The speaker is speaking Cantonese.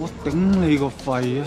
我頂你個肺啊！